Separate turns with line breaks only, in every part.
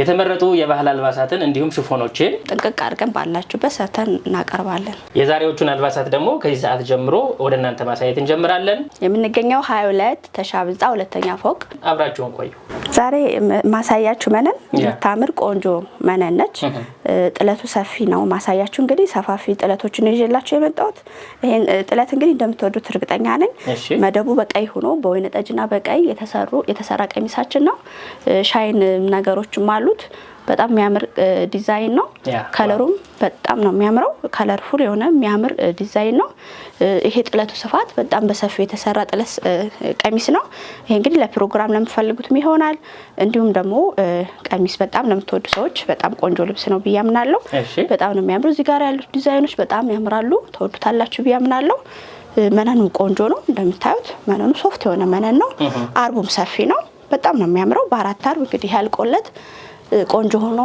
የተመረጡ የባህል አልባሳትን እንዲሁም ሽፎኖችን
ጥንቅቅ አድርገን ባላችሁበት ሰርተን እናቀርባለን።
የዛሬዎቹን አልባሳት ደግሞ ከዚህ ሰዓት ጀምሮ ወደ እናንተ ማሳየት እንጀምራለን።
የምንገኘው ሀያ ሁለት ሁለተኛ ፎቅ አብራችሁን ቆዩ። ዛሬ ማሳያችሁ መነን የምታምር ቆንጆ መነን ነች። ጥለቱ ሰፊ ነው። ማሳያችሁ እንግዲህ ሰፋፊ ጥለቶችን ይዤላችሁ የመጣሁት ይህን ጥለት እንግዲህ እንደምትወዱት እርግጠኛ ነኝ። መደቡ በቀይ ሆኖ በወይን ጠጅና በቀይ የተሰራ ቀሚሳችን ነው። ሻይን ነገሮችም አሉት። በጣም የሚያምር ዲዛይን ነው። ከለሩም በጣም ነው የሚያምረው። ከለርፉል የሆነ የሚያምር ዲዛይን ነው። ይሄ ጥለቱ ስፋት በጣም በሰፊው የተሰራ ጥለት ቀሚስ ነው። ይሄ እንግዲህ ለፕሮግራም ለምትፈልጉትም ይሆናል። እንዲሁም ደግሞ ቀሚስ በጣም ለምትወዱ ሰዎች በጣም ቆንጆ ልብስ ነው ብዬ አምናለሁ። በጣም ነው የሚያምሩ። እዚህ ጋር ያሉት ዲዛይኖች በጣም ያምራሉ። ተወዱታላችሁ ብዬ አምናለሁ። መነኑም ቆንጆ ነው። እንደምታዩት መነኑ ሶፍት የሆነ መነን ነው። አርቡም ሰፊ ነው። በጣም ነው የሚያምረው። በአራት አርብ እንግዲህ ያልቆለት ቆንጆ ሆኖ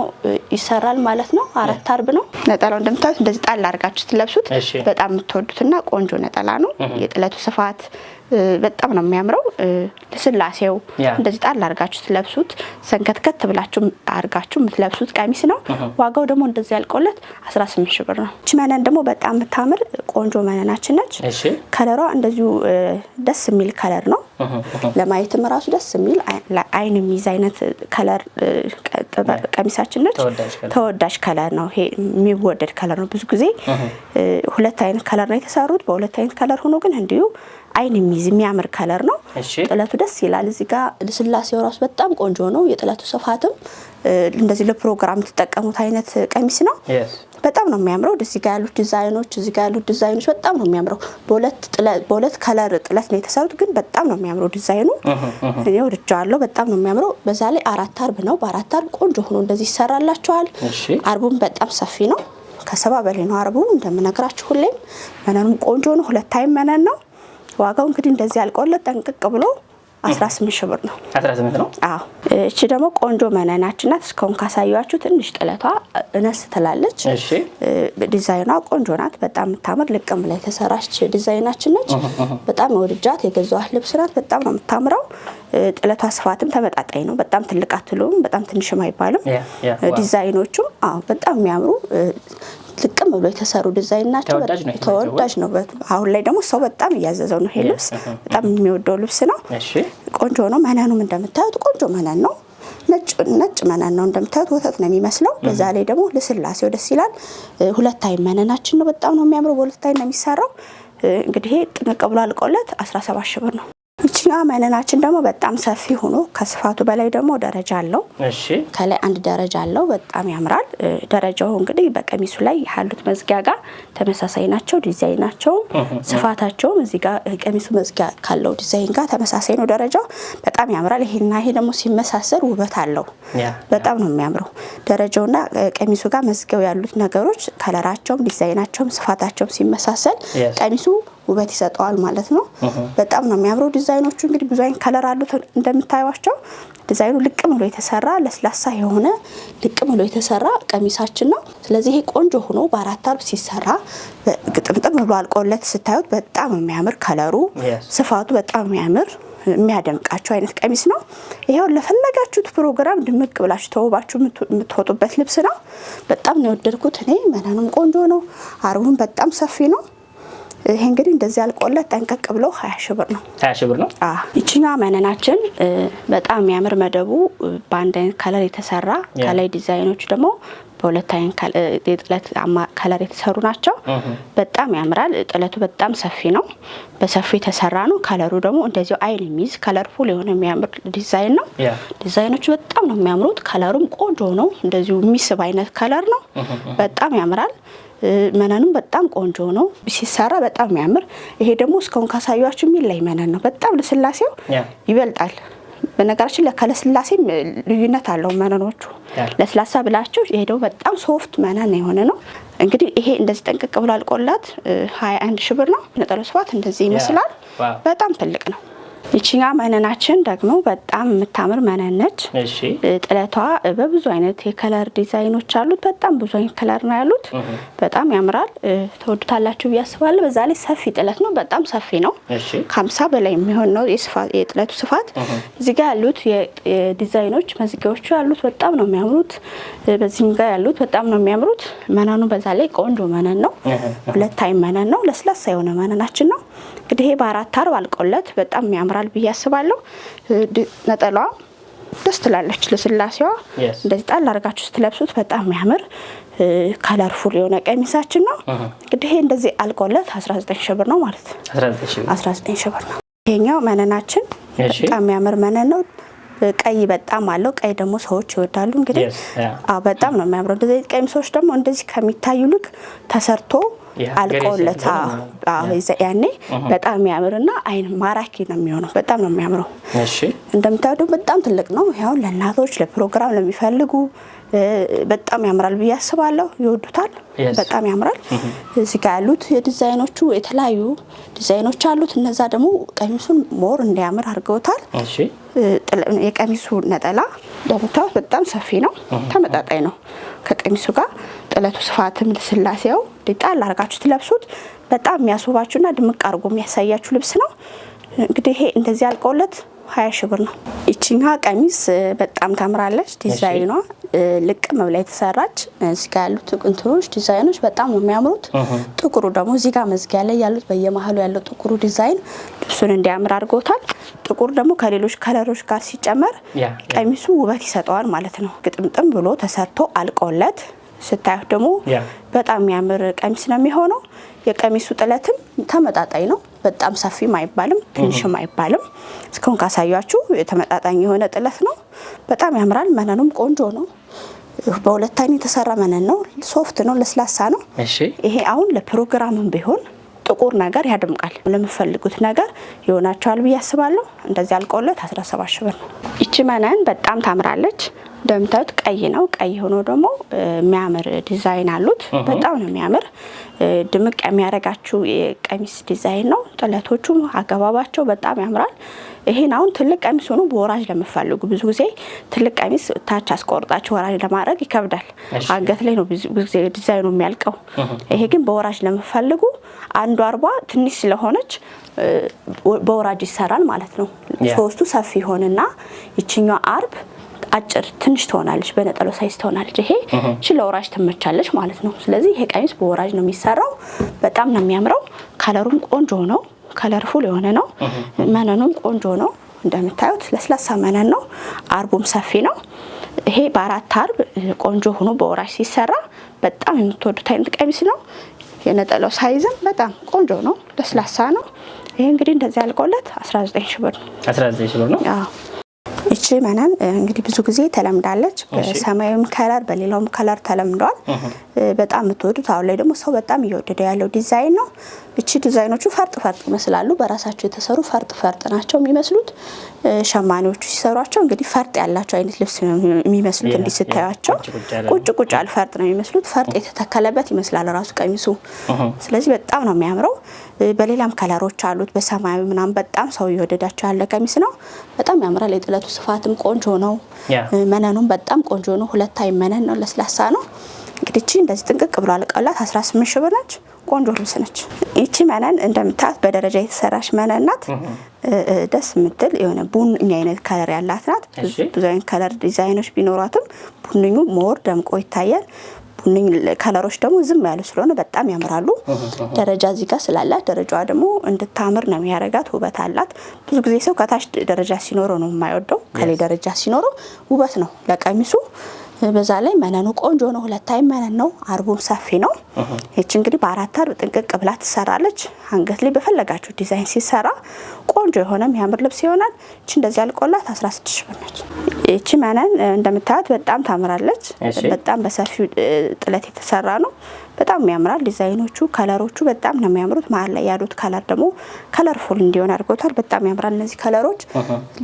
ይሰራል ማለት ነው። አራት አርብ ነው ነጠላው። እንደምታዩት እንደዚህ ጣል አድርጋችሁ ስትለብሱት በጣም የምትወዱትና ቆንጆ ነጠላ ነው። የጥለቱ ስፋት በጣም ነው የሚያምረው። ለስላሴው እንደዚህ ጣል አርጋችሁ ትለብሱት ሰንከትከት ብላችሁ አርጋችሁ የምትለብሱት ቀሚስ ነው። ዋጋው ደግሞ እንደዚህ ያልቀውለት 18 ሺህ ብር ነው። እቺ መነን ደግሞ በጣም የምታምር ቆንጆ መነናችን ነች። ከለሯ እንደዚሁ ደስ የሚል ከለር ነው። ለማየትም ራሱ ደስ የሚል አይን የሚይዝ አይነት ከለር ቀሚሳችን ነች። ተወዳጅ ከለር ነው። ይሄ የሚወደድ ከለር ነው። ብዙ ጊዜ ሁለት አይነት ከለር ነው የተሰሩት። በሁለት አይነት ከለር ሆኖ ግን እንዲሁ አይን የሚይዝ የሚያምር ከለር ነው። ጥለቱ ደስ ይላል። እዚህ ጋር ስላሴው ራሱ በጣም ቆንጆ ነው። የጥለቱ ስፋትም እንደዚህ ለፕሮግራም የምትጠቀሙት አይነት ቀሚስ ነው። በጣም ነው የሚያምረው። እዚህ ጋር ያሉት ዲዛይኖች እዚህ ጋር ያሉት ዲዛይኖች በጣም ነው የሚያምረው። በሁለት ከለር ጥለት ነው የተሰሩት፣ ግን በጣም ነው የሚያምረው ዲዛይኑ። እኔ ወድጀዋለሁ። በጣም ነው የሚያምረው። በዛ ላይ አራት አርብ ነው። በአራት አርብ ቆንጆ ሆኖ እንደዚህ ይሰራላቸዋል። አርቡም በጣም ሰፊ ነው። ከሰባ በላይ ነው አርቡ። እንደምነግራችሁ ሁሌም መነኑም ቆንጆ ነው። ሁለት ታይም መነን ነው። ዋጋው እንግዲህ እንደዚህ አልቆለት ጠንቅቅ ብሎ 18 ሺህ ብር ነው። 18 ነው። አዎ እቺ ደግሞ ቆንጆ መነናች ናት። እስካሁን ካሳያችሁ ትንሽ ጥለቷ እነስ ትላለች። እሺ ዲዛይኗ ቆንጆ ናት። በጣም የምታምር ልቅም ላይ ተሰራች ዲዛይናችን ነች። በጣም የወድጃት የገዛኋት ልብስ ናት። በጣም ነው የምታምረው። ጥለቷ ስፋትም ተመጣጣኝ ነው። በጣም ትልቅ አትሉም፣ በጣም ትንሽም አይባልም። ዲዛይኖቹም አዎ በጣም የሚያምሩ ልቅም ብሎ የተሰሩ ዲዛይን ናቸው። ተወዳጅ ነው። አሁን ላይ ደግሞ ሰው በጣም እያዘዘው ነው። ይሄ ልብስ በጣም የሚወደው ልብስ ነው። ቆንጆ ነው። መነኑም እንደምታዩት ቆንጆ መነን ነው። ነጭ መነን ነው እንደምታዩት፣ ወተት ነው የሚመስለው። በዛ ላይ ደግሞ ልስላሴው ደስ ይላል። ሁለት መነናችን ነው። በጣም ነው የሚያምረው። በሁለት ነው የሚሰራው። እንግዲህ ጥንቅ ብሎ አልቆለት 17 ሺ ብር ነው። እችኛ መነናችን ደግሞ በጣም ሰፊ ሆኖ ከስፋቱ በላይ ደግሞ ደረጃ አለው። ከላይ አንድ ደረጃ አለው። በጣም ያምራል። ደረጃው እንግዲህ በቀሚሱ ላይ ያሉት መዝጊያ ጋር ተመሳሳይ ናቸው። ዲዛይናቸውም ስፋታቸውም እዚህ ጋር ቀሚሱ መዝጊያ ካለው ዲዛይን ጋር ተመሳሳይ ነው። ደረጃው በጣም ያምራል። ይሄና ይሄ ደግሞ ሲመሳሰል ውበት አለው። በጣም ነው የሚያምረው። ደረጃውና ቀሚሱ ጋር መዝጊያው ያሉት ነገሮች ከለራቸውም፣ ዲዛይናቸውም፣ ስፋታቸውም ሲመሳሰል ቀሚሱ ውበት ይሰጠዋል ማለት ነው። በጣም ነው የሚያምረው ዲዛይኖቹ። እንግዲህ ብዙ አይነት ከለር አሉት እንደምታዩቸው። ዲዛይኑ ልቅም ብሎ የተሰራ ለስላሳ የሆነ ልቅም ብሎ የተሰራ ቀሚሳችን ነው። ስለዚህ ይሄ ቆንጆ ሆኖ በአራት አርብ ሲሰራ ግጥምጥም ብሎ አልቆለት ስታዩት በጣም የሚያምር ከለሩ፣ ስፋቱ በጣም የሚያምር የሚያደምቃቸው አይነት ቀሚስ ነው። ይኸው ለፈለጋችሁት ፕሮግራም ድምቅ ብላችሁ ተውባችሁ የምትወጡበት ልብስ ነው። በጣም ነው የወደድኩት እኔ። መነኑም ቆንጆ ነው። አርቡም በጣም ሰፊ ነው። ይሄ እንግዲህ እንደዚህ አልቆለት ጠንቀቅ ብሎ ሀያ ሺህ ብር ነው። ሀያ ሺህ ብር ነው። ይችኛዋ መነናችን በጣም የሚያምር መደቡ በአንድ አይነት ከለር የተሰራ ከላይ ዲዛይኖች ደግሞ በሁለት አይነት የጥለት ከለር የተሰሩ ናቸው። በጣም ያምራል። ጥለቱ በጣም ሰፊ ነው፣ በሰፊ የተሰራ ነው። ከለሩ ደግሞ እንደዚሁ አይን የሚይዝ ከለርፉል የሆነ የሚያምር ዲዛይን ነው። ዲዛይኖቹ በጣም ነው የሚያምሩት። ከለሩም ቆንጆ ነው፣ እንደዚሁ የሚስብ አይነት ከለር ነው። በጣም ያምራል። መነኑም በጣም ቆንጆ ነው ሲሰራ በጣም የሚያምር ይሄ ደግሞ እስካሁን ካሳያችሁ የሚለይ መነን ነው። በጣም ለስላሴው ይበልጣል። በነገራችን ከለስላሴም ልዩነት አለው መነኖቹ ለስላሳ ብላችሁ ይሄ ደግሞ በጣም ሶፍት መነን የሆነ ነው። እንግዲህ ይሄ እንደዚህ ጠንቅቅ ብሎ አልቆላት ሀያ አንድ ሺህ ብር ነው። ነጠላ ስፋት እንደዚህ ይመስላል። በጣም ትልቅ ነው። ይችኛ መነናችን ደግሞ በጣም የምታምር መነን ነች። ጥለቷ በብዙ አይነት የከለር ዲዛይኖች አሉት። በጣም ብዙ አይነት ከለር ነው ያሉት። በጣም ያምራል። ተወዱታላችሁ ብዬ አስባለሁ። በዛ ላይ ሰፊ ጥለት ነው። በጣም ሰፊ ነው። ከሀምሳ በላይ የሚሆን ነው የጥለቱ ስፋት። እዚህ ጋ ያሉት ዲዛይኖች መዝጊያዎቹ ያሉት በጣም ነው የሚያምሩት። በዚህም ጋር ያሉት በጣም ነው የሚያምሩት። መነኑ በዛ ላይ ቆንጆ መነን ነው። ሁለት ታይም መነን ነው። ለስላሳ የሆነ መነናችን ነው። እንግዲህ በአራት አርብ አልቆለት በጣም የሚያምራል ይሆናል ብዬ አስባለሁ። ነጠላዋ ደስ ትላለች። ልስላሴዋ እንደዚህ ጣል አድርጋችሁ ስትለብሱት በጣም የሚያምር ከለርፉል የሆነ ቀሚሳችን ነው። እንግዲህ ይሄ እንደዚህ አልቆለት 19 ሺህ ብር ነው ማለት ነው። 19 ሺህ ብር ነው። ይሄኛው መነናችን በጣም የሚያምር መነን ነው። ቀይ በጣም አለው። ቀይ ደግሞ ሰዎች ይወዳሉ። እንግዲህ በጣም ነው የሚያምረው። እንደዚህ ቀሚሶች ደግሞ እንደዚህ ከሚታዩ ልክ ተሰርቶ አልቆለታ ያኔ uh-huh. በጣም የሚያምርና አይን ማራኪ ነው የሚሆነው። በጣም ነው የሚያምረው። እንደምታዩ በጣም ትልቅ ነው። ያው ለእናቶች ለፕሮግራም ለሚፈልጉ በጣም ያምራል ብዬ አስባለሁ። ይወዱታል። በጣም ያምራል። uh-huh. እዚህ ጋ ያሉት የዲዛይኖቹ የተለያዩ ዲዛይኖች አሉት። እነዛ ደግሞ ቀሚሱን ሞር እንዲያምር አድርገውታል። የቀሚሱ ነጠላ እንደምታዩት በጣም ሰፊ ነው። uh-huh. ተመጣጣኝ ነው። ከቀሚሱ ጋር ጥለቱ ስፋትም ልስላሴው ጣል አድርጋችሁ ትለብሱት በጣም የሚያስውባችሁና ድምቅ አድርጎ የሚያሳያችሁ ልብስ ነው። እንግዲህ ይሄ እንደዚህ አልቀውለት ሀያ ሺ ብር ነው። ይችኛ ቀሚስ በጣም ታምራለች። ዲዛይኗ ልቅ ብላ የተሰራች እዚህ ጋ ያሉት እንትኖች ዲዛይኖች በጣም ነው የሚያምሩት። ጥቁሩ ደግሞ እዚህ መዝጊያ ላይ ያሉት በየመሀሉ ያለው ጥቁሩ ዲዛይን ልብሱን እንዲያምር አድርጎታል። ጥቁሩ ደግሞ ከሌሎች ከለሮች ጋር ሲጨመር ቀሚሱ ውበት ይሰጠዋል ማለት ነው። ግጥምጥም ብሎ ተሰርቶ አልቆለት ስታዩት ደግሞ በጣም የሚያምር ቀሚስ ነው የሚሆነው። የቀሚሱ ጥለትም ተመጣጣኝ ነው። በጣም ሰፊም አይባልም ትንሽም አይባልም። እስካሁን ካሳያችሁ የተመጣጣኝ የሆነ ጥለት ነው። በጣም ያምራል። መነኑም ቆንጆ ነው። በሁለት አይን የተሰራ መነን ነው። ሶፍት ነው፣ ለስላሳ ነው። ይሄ አሁን ለፕሮግራምም ቢሆን ጥቁር ነገር ያደምቃል። ለምፈልጉት ነገር ይሆናቸዋል ብዬ አስባለሁ። እንደዚህ አልቆለት 17 ሺ ብር ነው። ይቺ መነን በጣም ታምራለች። እንደምታዩት ቀይ ነው። ቀይ ሆኖ ደግሞ የሚያምር ዲዛይን አሉት። በጣም ነው የሚያምር ድምቅ የሚያደርጋችሁ የቀሚስ ዲዛይን ነው። ጥለቶቹ አገባባቸው በጣም ያምራል። ይሄን አሁን ትልቅ ቀሚስ ሆኖ በወራጅ ለምፈልጉ ብዙ ጊዜ ትልቅ ቀሚስ ታች አስቆርጣችሁ ወራጅ ለማድረግ ይከብዳል። አንገት ላይ ነው ብዙ ጊዜ ዲዛይኑ የሚያልቀው። ይሄ ግን በወራጅ ለምፈልጉ አንዱ አርባ ትንሽ ስለሆነች በወራጅ ይሰራል ማለት ነው። ሶስቱ ሰፊ ሆንና ይችኛው አርብ አጭር ትንሽ ትሆናለች፣ በነጠሎ ሳይዝ ትሆናለች። ይሄ እሺ ለወራጅ ትመቻለች ማለት ነው። ስለዚህ ይሄ ቀሚስ በወራጅ ነው የሚሰራው። በጣም ነው የሚያምረው። ከለሩም ቆንጆ ነው። ከለርፉል የሆነ ነው። መነኑም ቆንጆ ነው። እንደምታዩት ለስላሳ መነን ነው። አርቡም ሰፊ ነው። ይሄ በአራት አርብ ቆንጆ ሆኖ በወራጅ ሲሰራ በጣም የምትወዱት አይነት ቀሚስ ነው። የነጠላው ሳይዝም በጣም ቆንጆ ነው፣ ለስላሳ ነው። ይሄ እንግዲህ እንደዚህ ያልቆለት 19 ሺህ ብር ነው።
19 ሺህ ብር ነው።
ይቺ መነን እንግዲህ ብዙ ጊዜ ተለምዳለች። በሰማያዊም ከለር በሌላውም ከለር ተለምዷል። በጣም የምትወዱት አሁን ላይ ደግሞ ሰው በጣም እየወደደ ያለው ዲዛይን ነው። እቺ ዲዛይኖቹ ፈርጥ ፈርጥ ይመስላሉ። በራሳቸው የተሰሩ ፈርጥ ፈርጥ ናቸው የሚመስሉት። ሸማኔዎቹ ሲሰሯቸው እንግዲህ ፈርጥ ያላቸው አይነት ልብስ ነው የሚመስሉት። እንዲህ ስታያቸው ቁጭ ቁጭ አልፈርጥ ፈርጥ ነው የሚመስሉት። ፈርጥ የተተከለበት ይመስላል ራሱ ቀሚሱ። ስለዚህ በጣም ነው የሚያምረው። በሌላም ከለሮች አሉት በሰማያዊ ምናምን በጣም ሰው እየወደዳቸው ያለ ቀሚስ ነው። በጣም ያምራል። የጥለቱ ስፋትም ቆንጆ ነው። መነኑም በጣም ቆንጆ ነው። አይ መነን ነው፣ ለስላሳ ነው። እንግዲህ እቺ እንደዚህ ጥንቅቅ ብሎ አልቀላት 18 ሺህ ብር ነች። ቆንጆ ልብስ ነች። ይቺ መነን እንደምታዩት በደረጃ የተሰራች መነን ናት። ደስ የምትል የሆነ ቡኒ አይነት ከለር ያላት ናት። ብዙ አይነት ከለር ዲዛይኖች ቢኖሯትም ቡኒኙ ሞር ደምቆ ይታያል። ቡኒ ከለሮች ደግሞ ዝም ያሉ ስለሆነ በጣም ያምራሉ። ደረጃ እዚህ ጋር ስላላት ደረጃዋ ደግሞ እንድታምር ነው የሚያደርጋት። ውበት አላት። ብዙ ጊዜ ሰው ከታች ደረጃ ሲኖረው ነው የማይወደው። ከላይ ደረጃ ሲኖረው ውበት ነው ለቀሚሱ። በዛ ላይ መነኑ ቆንጆ ነው። ሁለታይ መነን ነው። አርቡም ሰፊ ነው። uh-huh. ይች እንግዲህ በአራት አርብ ጥንቅቅ ብላ ትሰራለች። አንገት ላይ በፈለጋችሁ ዲዛይን ሲሰራ ቆንጆ የሆነ የሚያምር ልብስ ይሆናል። ይች እንደዚህ አልቆላት 16 ሺ ብር ነች። እቺ መነን እንደምታዩት በጣም ታምራለች። በጣም በሰፊው ጥለት የተሰራ ነው። በጣም ያምራል። ዲዛይኖቹ፣ ከለሮቹ በጣም ነው የሚያምሩት። መሀል ላይ ያሉት ከለር ደግሞ ከለርፉል እንዲሆን አድርጎታል። በጣም ያምራል። እነዚህ ከለሮች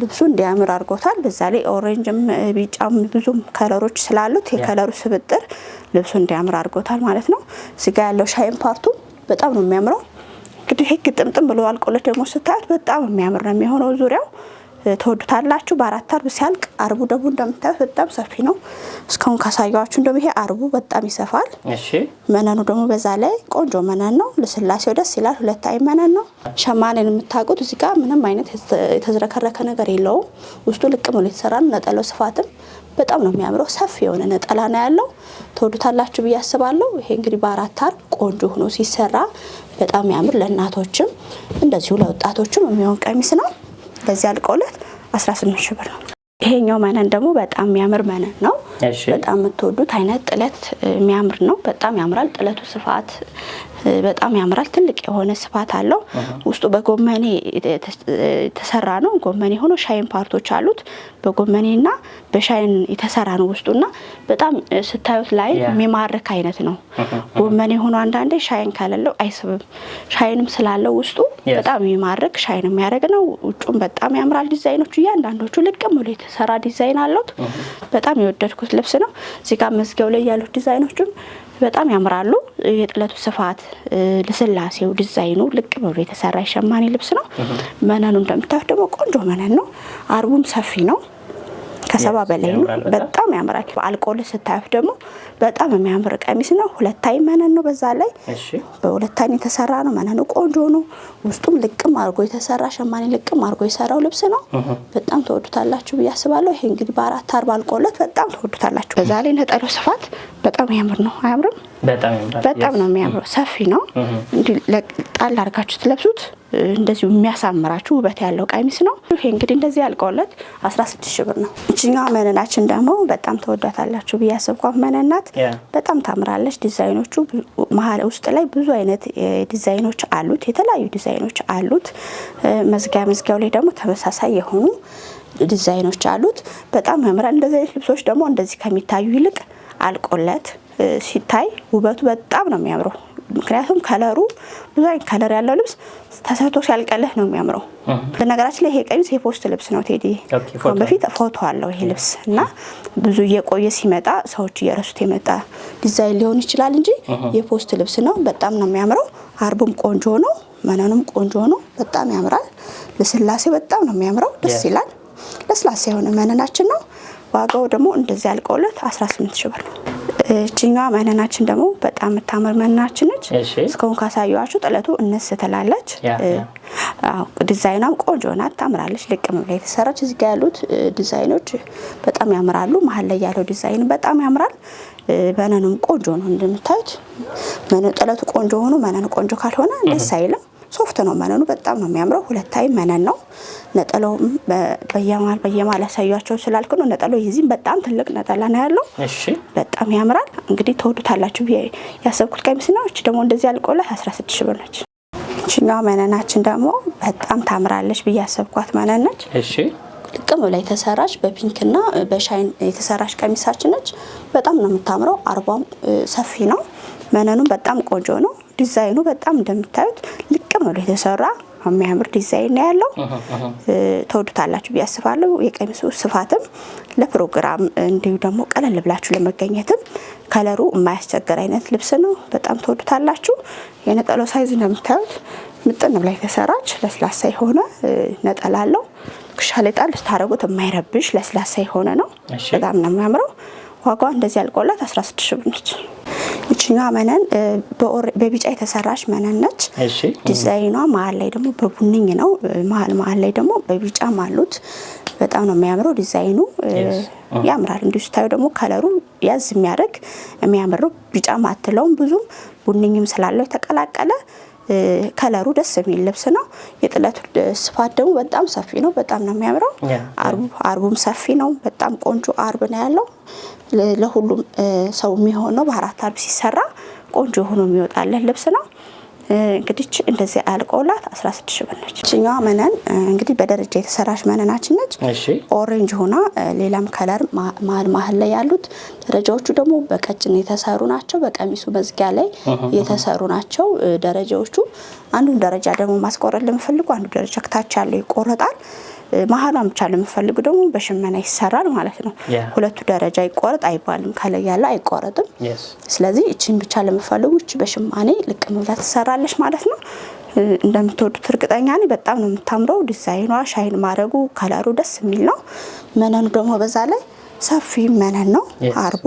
ልብሱ እንዲያምር አድርጎታል። በዛ ላይ ኦሬንጅም፣ ቢጫም ብዙም ከለሮች ስላሉት የከለሩ ስብጥር ልብሱ እንዲያምር አድርጎታል ማለት ነው። እዚጋ ያለው ሻይን ፓርቱ በጣም ነው የሚያምረው። እንግዲህ ህግ ጥምጥም ብሎ አልቆለት ደግሞ ስታያት በጣም የሚያምር ነው የሚሆነው ዙሪያው ተወዱታላችሁ። በአራት አርብ ሲያልቅ አርቡ ደግሞ እንደምታዩት በጣም ሰፊ ነው። እስካሁን ካሳያችሁ እንደውም ይሄ አርቡ በጣም ይሰፋል። መነኑ ደግሞ በዛ ላይ ቆንጆ መነን ነው። ልስላሴው ደስ ይላል። ሁለት አይ መነን ነው። ሸማኔን የምታውቁት እዚህ ጋር ምንም አይነት የተዝረከረከ ነገር የለውም። ውስጡ ልቅም ብሎ የተሰራ ነው። ነጠላው ስፋትም በጣም ነው የሚያምረው። ሰፊ የሆነ ነጠላ ነው ያለው። ተወዱታላችሁ ብዬ አስባለሁ። ይሄ እንግዲህ በአራት አርብ ቆንጆ ሆኖ ሲሰራ በጣም ያምር። ለእናቶችም እንደዚሁ ለወጣቶችም የሚሆን ቀሚስ ነው። እንደዚህ አልቀውለት 18 ሺህ ብር ነው። ይሄኛው መነን ደግሞ በጣም የሚያምር መነን ነው። በጣም የምትወዱት አይነት ጥለት የሚያምር ነው። በጣም ያምራል ጥለቱ ስፋት በጣም ያምራል። ትልቅ የሆነ ስፋት አለው። ውስጡ በጎመኔ የተሰራ ነው። ጎመኔ ሆኖ ሻይን ፓርቶች አሉት። በጎመኔና በሻይን የተሰራ ነው ውስጡና በጣም ስታዩት ላይ የሚማርክ አይነት ነው። ጎመኔ ሆኖ አንዳንዴ ሻይን ከሌለው አይስብም። ሻይንም ስላለው ውስጡ በጣም የሚማርክ ሻይን የሚያደርግ ነው። ውጩም በጣም ያምራል። ዲዛይኖቹ እያንዳንዶቹ ልቅም ብሎ የተሰራ ዲዛይን አሉት። በጣም የወደድኩት ልብስ ነው። እዚጋ መዝጊያው ላይ ያሉት ዲዛይኖቹም በጣም ያምራሉ። የጥለቱ ስፋት፣ ልስላሴው፣ ዲዛይኑ ልቅ ብሎ የተሰራ የሸማኔ ልብስ ነው። መነኑ እንደምታዩት ደግሞ ቆንጆ መነን ነው። አርቡም ሰፊ ነው። ከሰባ በላይ ነው። በጣም ያምራል። አልቆል ስታዩት ደግሞ በጣም የሚያምር ቀሚስ ነው። ሁለታይ መነን ነው። በዛ ላይ በሁለታይ የተሰራ ነው። መነኑ ቆንጆ ነው። ውስጡም ልቅም አድርጎ የተሰራ ሸማኔ ልቅም አድርጎ የሰራው ልብስ ነው። በጣም ተወዱታላችሁ ብዬ አስባለሁ። ይሄ እንግዲህ በአራት አርባ አልቆለት በጣም ተወዱታላችሁ። በዛ ላይ ነጠለው ስፋት በጣም ያምር ነው። አያምርም? በጣም ነው የሚያምረው። ሰፊ ነው። ጣል አድርጋችሁ ትለብሱት እንደዚሁ የሚያሳምራችሁ ውበት ያለው ቀሚስ ነው። ይሄ እንግዲህ እንደዚህ ያልቀውለት 16 ሺህ ብር ነው። እችኛዋ መነናችን ደግሞ በጣም ተወዳታላችሁ ብዬ አስብኳት። መነናት በጣም ታምራለች። ዲዛይኖቹ መሀል ውስጥ ላይ ብዙ አይነት ዲዛይኖች አሉት። የተለያዩ ዲዛይኖች አሉት። መዝጊያ መዝጊያው ላይ ደግሞ ተመሳሳይ የሆኑ ዲዛይኖች አሉት። በጣም ያምራል። እንደዚህ አይነት ልብሶች ደግሞ እንደዚህ ከሚታዩ ይልቅ አልቆለት ሲታይ ውበቱ በጣም ነው የሚያምረው። ምክንያቱም ከለሩ ብዙ አይነት ከለር ያለው ልብስ ተሰርቶ ሲያልቀልህ ነው የሚያምረው። በነገራችን ላይ ይሄ ቀሚስ የፖስት ልብስ ነው ቴዲ። በፊት ፎቶ አለው ይሄ ልብስ እና ብዙ እየቆየ ሲመጣ ሰዎች እየረሱት የመጣ ዲዛይን ሊሆን ይችላል እንጂ የፖስት ልብስ ነው። በጣም ነው የሚያምረው። አርቡም ቆንጆ ነው፣ መነኑም ቆንጆ ነው። በጣም ያምራል። ልስላሴ በጣም ነው የሚያምረው። ደስ ይላል። ለስላሳ የሆነ መነናችን ነው። ዋጋው ደግሞ እንደዚህ ያልቀውለት 18 ሺህ ብር ነው። እችኛዋ መነናችን ደግሞ በጣም የምታምር መነናችን ነች። እስካሁን ካሳየዋችሁ ጥለቱ እነስ ትላለች። ዲዛይኗም ቆንጆ ናት፣ ታምራለች። ልቅም ብላ የተሰራች እዚህ ጋ ያሉት ዲዛይኖች በጣም ያምራሉ። መሀል ላይ ያለው ዲዛይን በጣም ያምራል። መነኑም ቆንጆ ነው እንደምታዩት። ጥለቱ ቆንጆ ሆኖ መነኑ ቆንጆ ካልሆነ ደስ አይልም። ሶፍት ነው መነኑ፣ በጣም ነው የሚያምረው። ሁለታይ መነን ነው ነጠላው። በየማል በየማል ያሳያቸው ስላልክ ነው ነጠላው። የዚህም በጣም ትልቅ ነጠላ ነው ያለው። በጣም ያምራል። እንግዲህ ተወዱታላችሁ ብዬ ያሰብኩት ቀሚስ ነው። እች ደግሞ እንደዚህ አልቆላት 16 ሺ ብር ነች። እችኛዋ መነናችን ደግሞ በጣም ታምራለች ብዬ ያሰብኳት መነን ነች። ጥቅም ብላ የተሰራች በፒንክና በሻይን የተሰራች ቀሚሳችን ነች። በጣም ነው የምታምረው። አርቧም ሰፊ ነው። መነኑ በጣም ቆንጆ ነው። ዲዛይኑ በጣም እንደምታዩት ልቅም ብሎ የተሰራ የሚያምር ዲዛይን ነው ያለው። ተወዱታላችሁ ብዬ አስባለሁ። የቀሚሱ ስፋትም ለፕሮግራም እንዲሁ ደግሞ ቀለል ብላችሁ ለመገኘትም ከለሩ የማያስቸግር አይነት ልብስ ነው። በጣም ተወዱታላችሁ። የነጠላው ሳይዝ እንደምታዩት ምጥን ብላ የተሰራች ለስላሳ የሆነ ነጠላ አለው። ክሻ ላይ ጣል የማይረብሽ ለስላሳ የሆነ ነው። በጣም ነው የሚያምረው። ዋጋዋ እንደዚህ ያልቆላት 16 ሺህ ብር ነች። መነን በቢጫ የተሰራች መነን ነች። ዲዛይኗ መሀል ላይ ደግሞ በቡንኝ ነው። መሀል መሀል ላይ ደግሞ በቢጫም አሉት። በጣም ነው የሚያምረው ዲዛይኑ ያምራል። እንዲሁ ስታዩ ደግሞ ከለሩ ያዝ የሚያደርግ የሚያምረው ቢጫም አትለውም ብዙም ቡንኝም ስላለው የተቀላቀለ ከለሩ ደስ የሚል ልብስ ነው። የጥለቱ ስፋት ደግሞ በጣም ሰፊ ነው። በጣም ነው የሚያምረው። አርቡም ሰፊ ነው። በጣም ቆንጆ አርብ ነው ያለው። ለሁሉም ሰው የሚሆነው በአራት አርብ ሲሰራ ቆንጆ ሆኖ የሚወጣለን ልብስ ነው። እንግዲህ እንደዚህ አልቆላት 16 ሺህ ብር ነች። እችኛዋ መነን እንግዲህ በደረጃ የተሰራች መነናችን ነች። ኦሬንጅ ሆና ሌላም ከለር መሀል መሀል ላይ ያሉት ደረጃዎቹ ደግሞ በቀጭን የተሰሩ ናቸው። በቀሚሱ መዝጊያ ላይ የተሰሩ ናቸው ደረጃዎቹ። አንዱን ደረጃ ደግሞ ማስቆረጥ ለምፈልጉ አንዱ ደረጃ ክታች ያለው ይቆረጣል። መሀሏን ብቻ ለምፈልጉ ደግሞ በሽመና ይሰራል ማለት ነው። ሁለቱ ደረጃ ይቆረጥ አይባልም፣ ከላይ ያለ አይቆረጥም። ስለዚህ እችን ብቻ ለምፈልጉ እች በሽማኔ ልቅ ብላ ትሰራለች ማለት ነው። እንደምትወዱት እርግጠኛ ነኝ። በጣም ነው የምታምረው። ዲዛይኗ ሻይን ማድረጉ ከለሩ ደስ የሚል ነው። መነኑ ደግሞ በዛ ላይ ሰፊ መነን ነው። አርቡ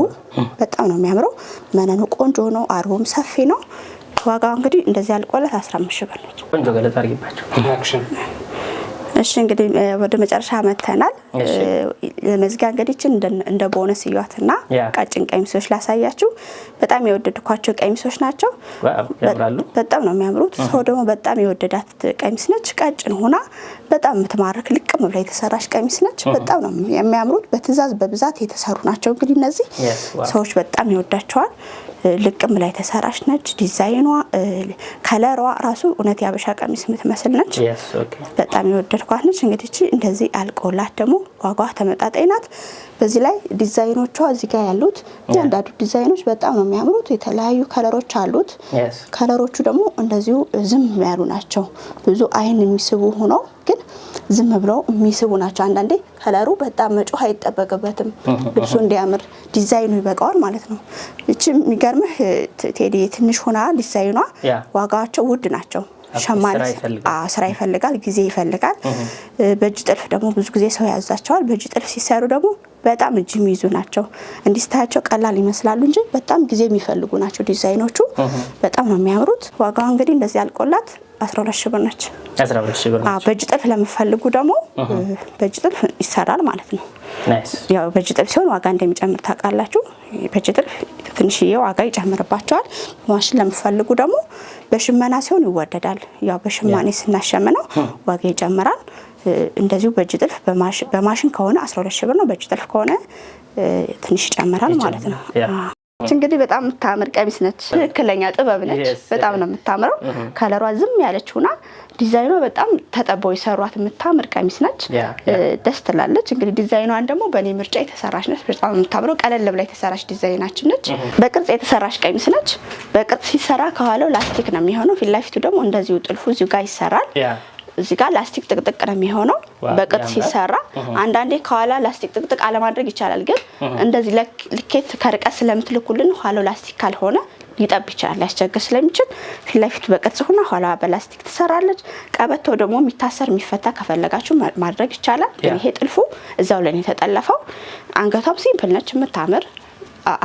በጣም ነው የሚያምረው። መነኑ ቆንጆ ነው። አርቡም ሰፊ ነው። ዋጋው እንግዲህ እንደዚህ አልቆለት 15 ሺህ ብር ነው።
ቆንጆ ገለጻ አድርጊባቸው
እሺ እንግዲህ ወደ መጨረሻ መተናል። ለመዝጊያ እንግዲችን እንደ ቦነስ እያትና ቀጭን ቀሚሶች ላሳያችሁ። በጣም የወደድኳቸው ቀሚሶች ናቸው። በጣም ነው የሚያምሩት። ሰው ደግሞ በጣም የወደዳት ቀሚስ ነች። ቀጭን ሆና በጣም የምትማርክ ልቅም ብላ የተሰራች ቀሚስ ነች። በጣም ነው የሚያምሩት። በትዕዛዝ በብዛት የተሰሩ ናቸው። እንግዲህ እነዚህ ሰዎች በጣም ይወዳቸዋል። ልቅም ላይ ተሰራሽ ነች። ዲዛይኗ ከለሯ ራሱ እውነት የአበሻ ቀሚስ የምትመስል ነች። በጣም የወደድኳት ነች። እንግዲህ እንደዚህ አልቆላት ደግሞ ዋጓ ተመጣጣኝ ናት። በዚህ ላይ ዲዛይኖቿ እዚህ ጋር ያሉት እያንዳንዱ ዲዛይኖች በጣም ነው የሚያምሩት። የተለያዩ ከለሮች አሉት። ከለሮቹ ደግሞ እንደዚሁ ዝም ያሉ ናቸው። ብዙ አይን የሚስቡ ሆነው ግን ዝም ብለው የሚስቡ ናቸው። አንዳንዴ ከለሩ በጣም መጮህ አይጠበቅበትም። ልብሱ እንዲያምር ዲዛይኑ ይበቃዋል ማለት ነው። እች የሚገርምህ ቴዲ ትንሽ ሆና ዲዛይኗ ዋጋቸው ውድ ናቸው። ሸማኔ ስራ ይፈልጋል፣ ጊዜ ይፈልጋል። በእጅ ጥልፍ ደግሞ ብዙ ጊዜ ሰው ያዛቸዋል። በእጅ ጥልፍ ሲሰሩ ደግሞ በጣም እጅ የሚይዙ ናቸው። እንዲስታያቸው ቀላል ይመስላሉ እንጂ በጣም ጊዜ የሚፈልጉ ናቸው። ዲዛይኖቹ በጣም ነው የሚያምሩት። ዋጋው እንግዲህ እንደዚህ አልቆላት 12 ሺህ ብር ነች። በእጅ ጥልፍ ለምፈልጉ ደግሞ በእጅ ጥልፍ ይሰራል ማለት ነው። ያው በእጅ ጥልፍ ሲሆን ዋጋ እንደሚጨምር ታውቃላችሁ። በእጅ ጥልፍ ትንሽዬ ዋጋ ይጨምርባቸዋል። በማሽን ለምፈልጉ ደግሞ በሽመና ሲሆን ይወደዳል። ያው በሽማኔ ስናሸምነው ዋጋ ይጨምራል። እንደዚሁ በእጅ ጥልፍ በማሽን ከሆነ 12 ሺህ ብር ነው። በእጅ ጥልፍ ከሆነ ትንሽ ይጨምራል ማለት ነው። እንግዲህ በጣም የምታምር ቀሚስ ነች። ትክክለኛ ጥበብ ነች። በጣም ነው የምታምረው። uh-huh. ከለሯ ዝም ያለች ሁና ዲዛይኗ በጣም ተጠበው የሰሯት የምታምር ቀሚስ ነች። ደስ ትላለች። እንግዲህ ዲዛይኗን ደግሞ በእኔ ምርጫ የተሰራች ነች። በጣም የምታምረው ቀለል ብላ የተሰራች ዲዛይናችን ነች። uh-huh. በቅርጽ የተሰራች ቀሚስ ነች። በቅርጽ ሲሰራ ከኋላው ላስቲክ ነው የሚሆነው። ፊት ለፊቱ ደግሞ እንደዚሁ ጥልፉ እዚሁ ጋር ይሰራል። እዚህ ጋር ላስቲክ ጥቅጥቅ ነው የሚሆነው በቅጥ ሲሰራ። አንዳንዴ ከኋላ ላስቲክ ጥቅጥቅ አለማድረግ ይቻላል፣ ግን እንደዚህ ልኬት ከርቀት ስለምትልኩልን ኋላው ላስቲክ ካልሆነ ሊጠብ ይችላል፣ ሊያስቸግር ስለሚችል ፊት ለፊት ሆና ኋላ በላስቲክ ትሰራለች። ቀበቶ ደግሞ የሚታሰር የሚፈታ ከፈለጋችሁ ማድረግ ይቻላል፣ ግን ይሄ ጥልፉ እዛው ላይ የተጠለፈው። አንገቷም ሲምፕል ነች የምታምር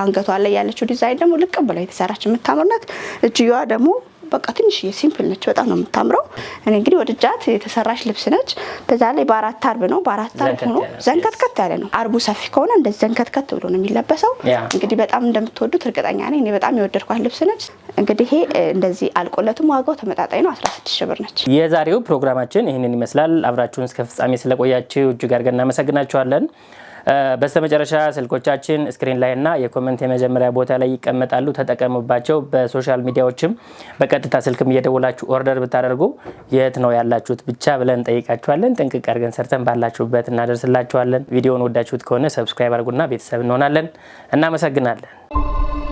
አንገቷ ላይ ያለችው ዲዛይን ደግሞ ልቅ ብላ የተሰራች የምታምር ናት። እጅየዋ ደግሞ በቃ ትንሽዬ ሲምፕል ነች። በጣም ነው የምታምረው። እኔ እንግዲህ ወድጃት የተሰራች ልብስ ነች። በዛ ላይ በአራት አርብ ነው። በአራት አርብ ሆኖ ዘንከትከት ያለ ነው። አርቡ ሰፊ ከሆነ እንደዚህ ዘንከትከት ብሎ ነው የሚለበሰው። እንግዲህ በጣም እንደምትወዱት እርግጠኛ ነኝ። እኔ በጣም የወደድኳት ልብስ ነች። እንግዲህ ይሄ እንደዚህ አልቆለትም። ዋጋው ተመጣጣኝ ነው፣ 16 ሺህ ብር ነች።
የዛሬው ፕሮግራማችን ይህንን ይመስላል። አብራችሁን እስከ ፍጻሜ ስለቆያችሁ እጅግ አድርገን እናመሰግናችኋለን። በስተመጨረሻ ስልኮቻችን ስክሪን ላይ እና የኮመንት የመጀመሪያ ቦታ ላይ ይቀመጣሉ። ተጠቀሙባቸው። በሶሻል ሚዲያዎችም በቀጥታ ስልክም እየደወላችሁ ኦርደር ብታደርጉ የት ነው ያላችሁት ብቻ ብለን እንጠይቃችኋለን። ጥንቅቅ አድርገን ሰርተን ባላችሁበት እናደርስላችኋለን። ቪዲዮን ወዳችሁት ከሆነ ሰብስክራይብ አድርጉና ቤተሰብ እንሆናለን። እናመሰግናለን።